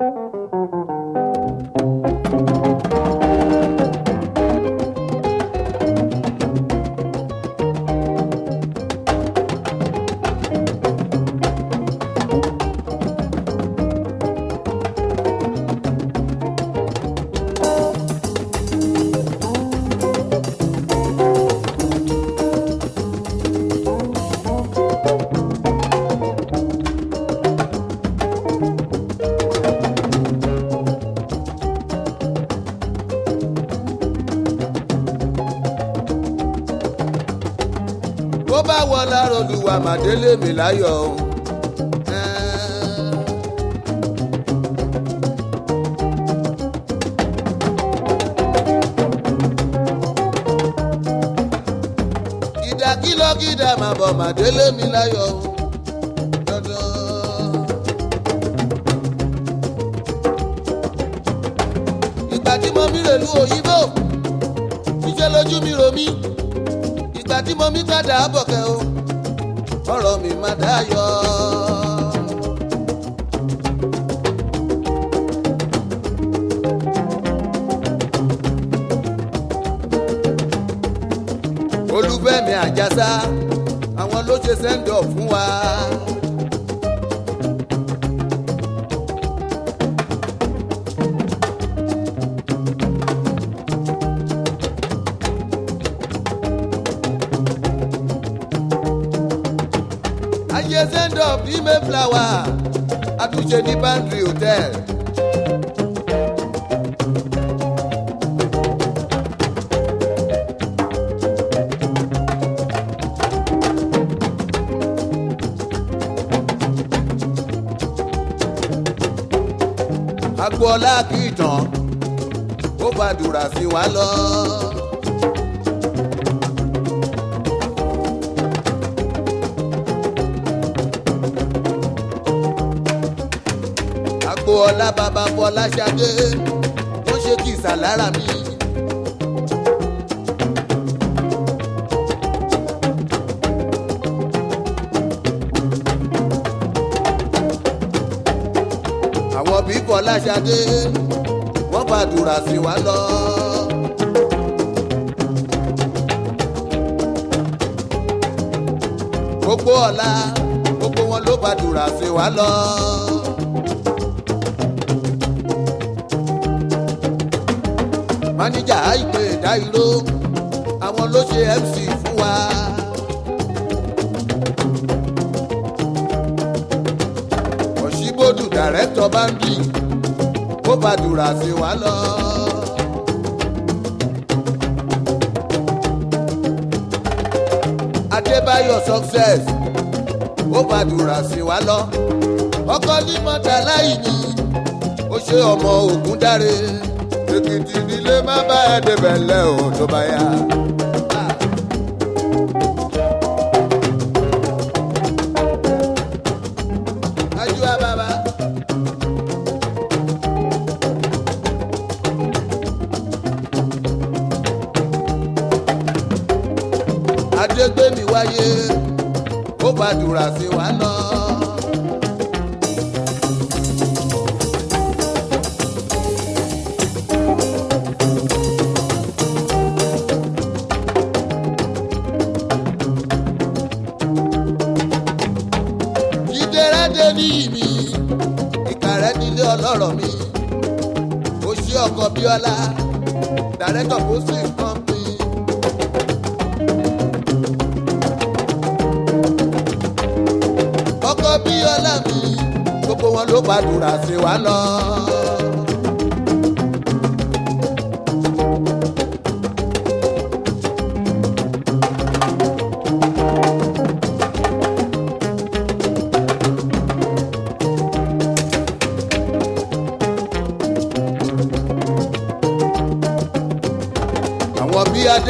Música bó bá wọ lára olùwà màdélé mi láyọ̀ o. ìdákílọ́gídà máa bọ̀ màdélé mi láyọ̀ o. ìgbà tí mo mí rèlú òyìnbó níṣẹ́ lójú mi rò bọ̀ má dayọ̀. olúfẹ́mi àjàsà àwọn ló ṣe send fún wa. club ní mayflower àtúnṣe ní boundary hotel. agboola kìtàn ó gbàdúrà sí wa lọ. Fọlá bàbá Fọlá Ṣadé ó ṣe kìsà lára mi. Àwọn bí Fọlá Ṣadé wọ́n gbàdúrà sí wa lọ. Gbogbo ọ̀la gbogbo wọn ló gbàdúrà sí wa lọ. máníjà àìpé ìdáìró àwọn ló ṣe mc fún wa. òṣìbodù dàrẹ́tọ̀ báńdì ó bàdùrà sí wa lọ. adébáyọ̀ success ó bàdùrà sí wa lọ. ọkọ ní mọ́tàlá ìní ó ṣe ọmọ ògúndáre èkìtì nílé má bá ẹ débẹ̀lẹ̀ o tó bá yá. adégbèmí wáyé ó gbàdúrà sí wa náà. Abiola director posting company. ọkọ Bíọ́lá mi gbogbo wọn ló gbàdúrà sí wa lọ.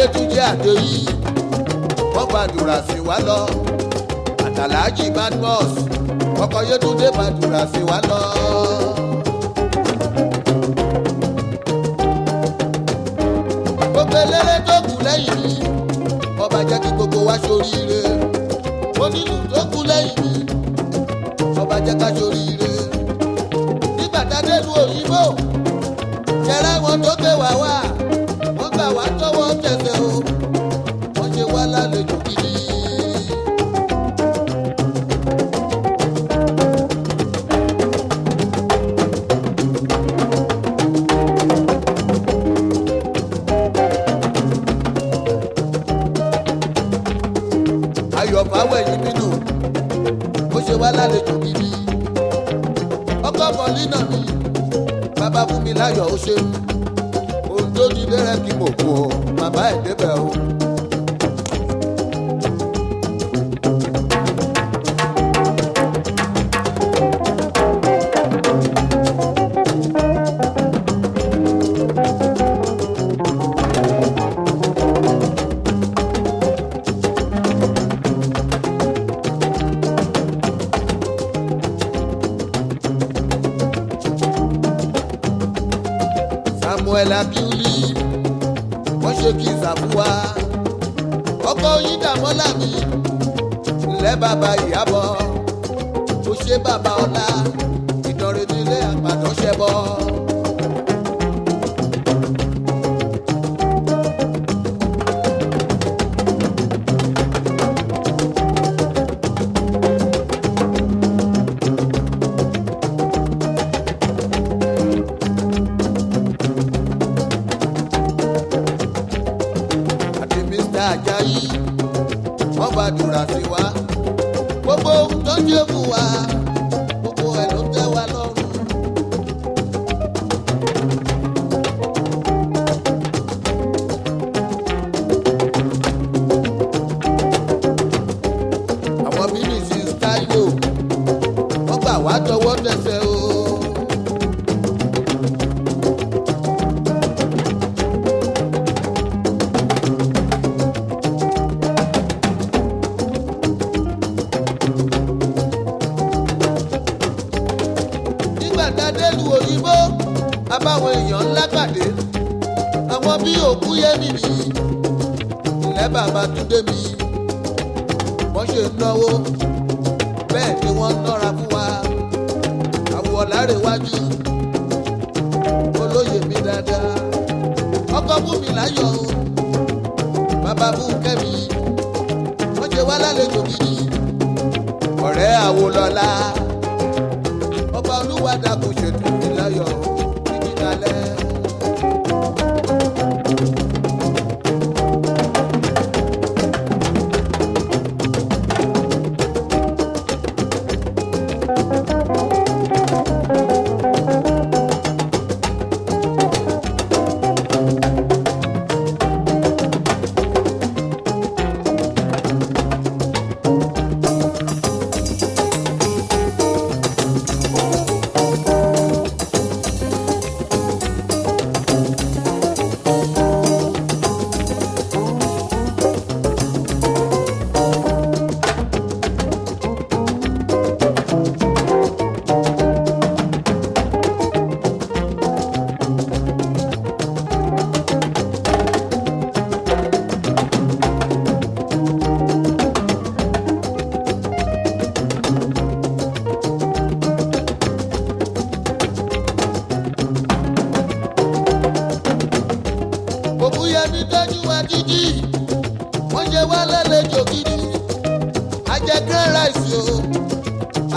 adétúnjẹ àdéyí wọ́n gbàdúrà sí wa lọ àtàlájì badmus ọkọ̀ yétúndé gbàdúrà sí wa lọ. gbogbo eléré tó kù lẹ́yìn ọba jẹ́ kí gbogbo wa ṣoríire. ọ̀dọ̀ fáwẹ̀yìn bínú ó ṣe wá lálejò gidi ọkọ mọ̀línà mi bàbá fún mi láyọ̀ ó ṣeun òun tó ti dẹ́rẹ́ kí mo kú o bàbá ẹ̀ débẹ̀ o. pẹ̀lú abíúlí wọ́n ṣe kí ìsàfúwa ọkọ̀ oyin dàmọ́là mi ńlẹ́ bàbá ìyàbọ̀ mo ṣe bàbá ọlá ìdánrẹ́ nílé àgbàdo ṣẹbọ. Àjàyí wọ́n gbàdúrà sí wa gbogbo ohun tó ń jẹ́ fún wa. nílùú òyìnbó abáwọn èèyàn ńlá pàdé àwọn bí òkú yẹmi nìyí ilẹ̀ bàbá túndé mi wọ́n ṣe náwó bẹ́ẹ̀ ni wọ́n nọ́ra fún wa àwọ̀ lárèwájú olóyè mi dáadáa ọkọ fún mi láyọ̀ bàbá fún kẹ́mi wọ́n ṣe wá lálejò gidi ọ̀rẹ́ àwòlọ́lá.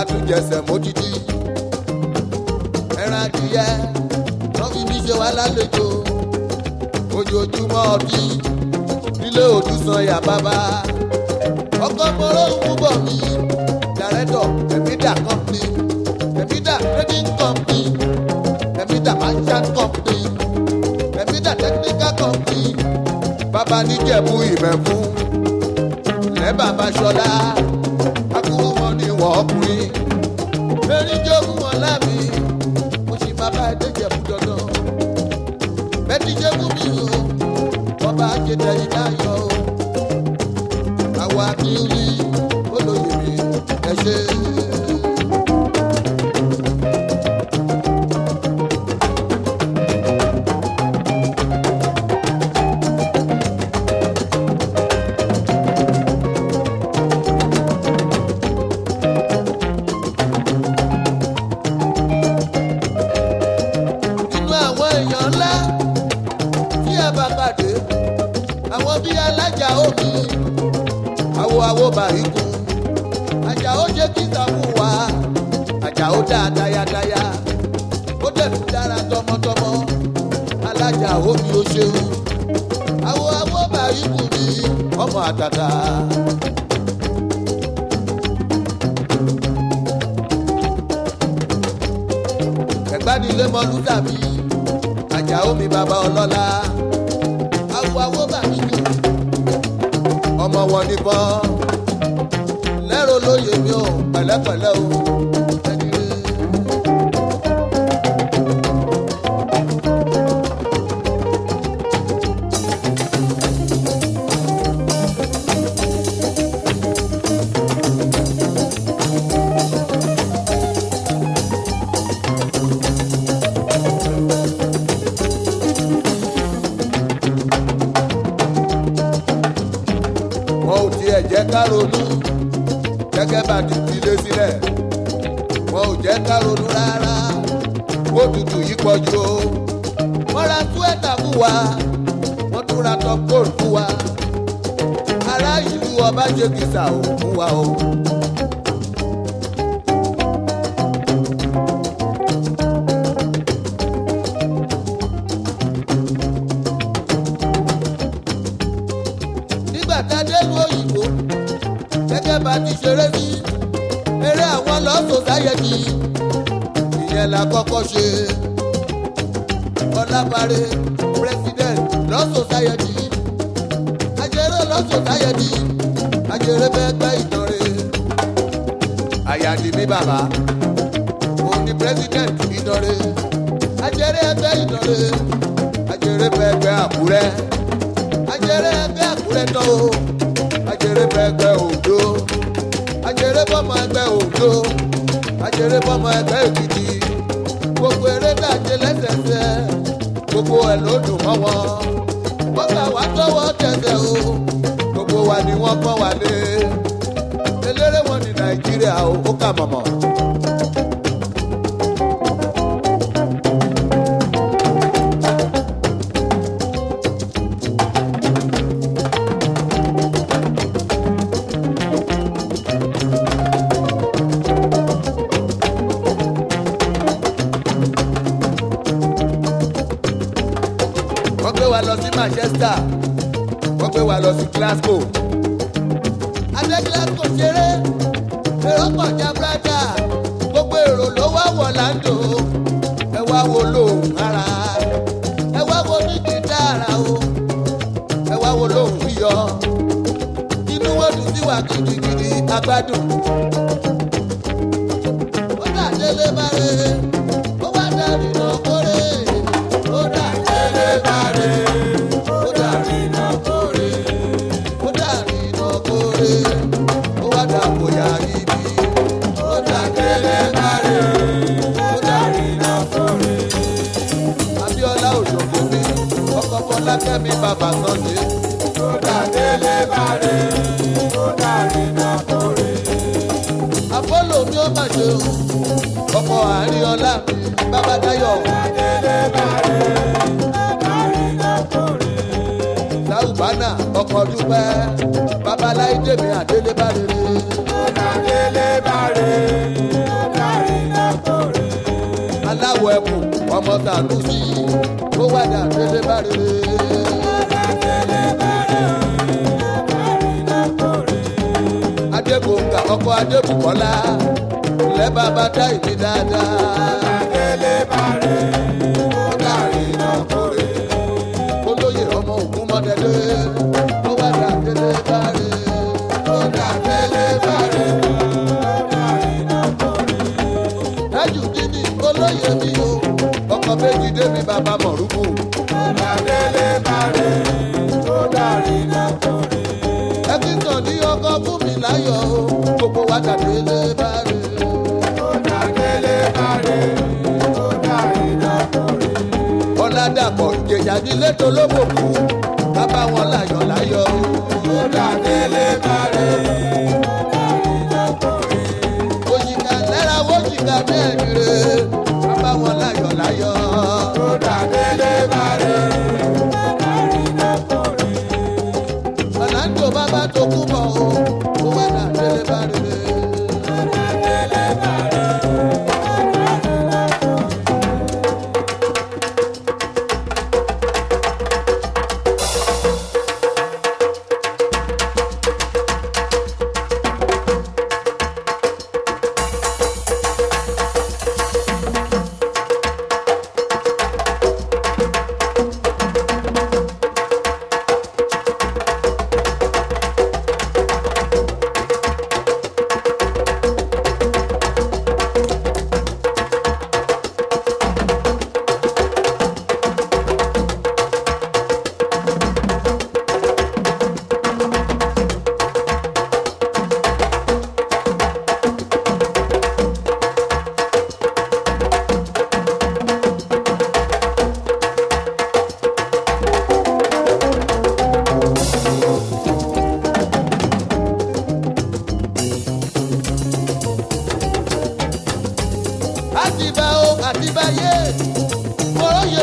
àtúnjẹsẹ̀ mójijì ẹran adìyẹ wọ́n fi mí ṣe wá lálejò ojoojúmọ́ ọdí nílé ya bàbá ọkọ̀ mọ́rọ́ òun bọ̀ mí dàrẹ́tọ̀ ẹ̀mídà kọ́mpì ẹ̀mídà trading kọ́mpì ẹ̀mídà merchant kọ́mpì ẹ̀mídà technical kọ́mpì bàbá níjẹ̀bú ìmẹ̀kún lẹ́bàá máa ṣọlá wọ ọkùnrin lórí jogún wọn láàmì mo sì máa bá ẹdẹjẹ bú dandan bẹ́ẹ̀ni jogún mi o ọba ajẹtẹyìn náà yọ o àwa kí n rí. awó bàríkù Àjàó ṣe kíta fún wa Àjàó dá tayátayá ó dẹ̀lú dára tọmọtọmọ alájà ó mi ó awo awo ba bàríkù ni ọmọ atata. ìbánilé mọlú dàbí Àjàó omi baba ọlọ́lá awo awo bàbí mi ọmọ wọn nìkan ẹ̀rọ lóye mi ò pẹ̀lẹ́pẹ̀lẹ́ o. múra tán góòlù fún wa ará ìlú ọbàjẹ́gìsà ò fún wa o. nígbà tá a délùú òyìnbó gẹ́gẹ́ bá ti ṣeré sí eré àwọn lọ́sọ̀ sáyẹ̀dì ìyẹn la kọ́kọ́ ṣe ọlábàárẹ̀ pírẹ́sídẹ̀ẹ́ law society ajere law society ajere bẹ́gbẹ́ ìtọ́re. àyàdì mi bàbá òun ni president ìtọ́re ajere ẹgbẹ́ ìtọ́re ajere bẹ́gbẹ́ àkúrẹ́ ajere ẹgbẹ́ àkúrẹ́ náà o ajere bẹ́gbẹ́ òdo ajere bọ́mọ ẹgbẹ́ òdo ajere bọ́mọ ẹgbẹ́ èkìtì gbogbo eré dàjẹ́ lẹ́sẹ̀ẹ́sẹ̀ gbogbo ẹ̀ ló dùn mọ́ wọn bọ́lá wa tọwọ́ tẹsẹ̀ o gbogbo wa ni wọ́n kọ́ wa lé eléré wọn ní nàìjíríà o ó kà mọ̀mọ́. Glasgow. adé Glasgow ṣeré èrò pọ̀ jabrata gbogbo èrò ló wá wọ̀ láńdò ẹ wá wo lóhùn ara ẹ wá wo ní jìtá ara o ẹ wá wo lóhùn yọ inú wo dùn sí wa gidigidi agbádùn ó dà délé bá rere. bàbá sọ́ndé. tó dà délé bàrè tó dà rí náà kórè. àpọ́lò mi ó mà ṣe o ọmọ àárín ọlá mi bàbá dáyọ̀. tó dà délé bàrè tó dà rí náà kórè. láwùbánà ọkọ̀ dúpẹ́ babaláyé dèmi àdélé bàrè. tó dà délé bàrè tó rí náà kórè. aláwọ̀ ẹ̀kú ọmọ tàlùsí ó wà dà délé bàrè. ọkọ adébùkọ́lá lẹ́bàá bá dá ìdí dáadáa. akẹ́lẹ́ bá rẹ̀. àjàdí lẹ́tọ̀ lọ́gbòkú.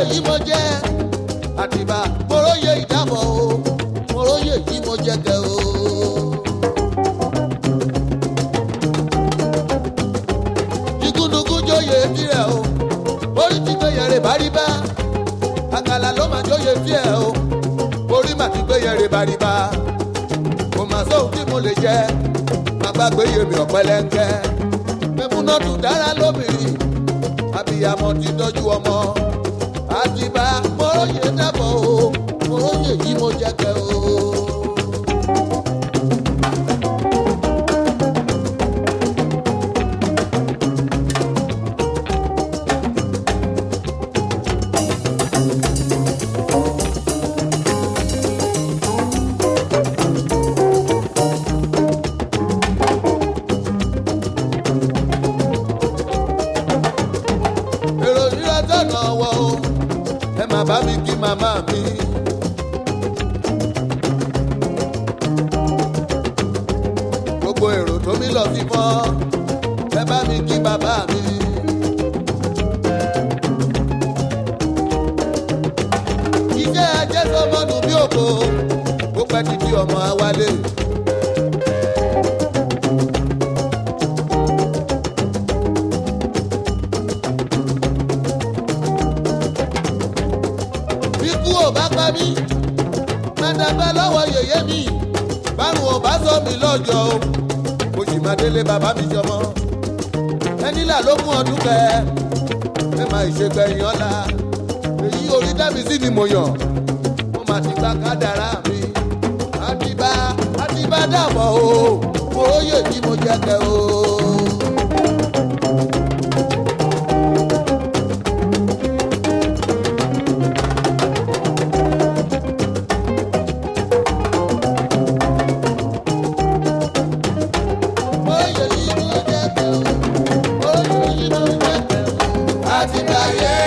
èmi mo jẹ àtìbà mo róye ìdábọ̀ o mo róye tí mo jẹ kẹ o. igúnnugún jóye tirẹ̀ o orí ti gbé yẹrẹ báríbá àkàlà ló máa jóye tiẹ̀ o orí màá ti gbé yẹrẹ báríbá kò má sóhun tí mo lè jẹ àgbàgbé yèmí ọ̀pẹ̀lẹ̀ńkẹ́ mímúná tún dára lóbìnrin àbíyamọ ti tọ́jú ọmọ àtibá mo yẹ dẹ́bọ̀ o mo yẹ yí mo jẹ kẹ́ o. máa bá mi kí màmá mi. gbogbo èrò tó mi lọ sí fọ́n. sọ mi lọ́jọ́ o mo sì máa délé bàbá mi jọmọ ẹni là ló mú ọdún bẹ ẹ máa ìṣègbẹ̀yìn ọ̀la èyí orí dábì sí ni mo yàn mo máa ti gba kádàrá mi àtibá àtibá dàbọ̀ o mo yè tí mo jẹ́ kẹ́ o. Cidade Baiana.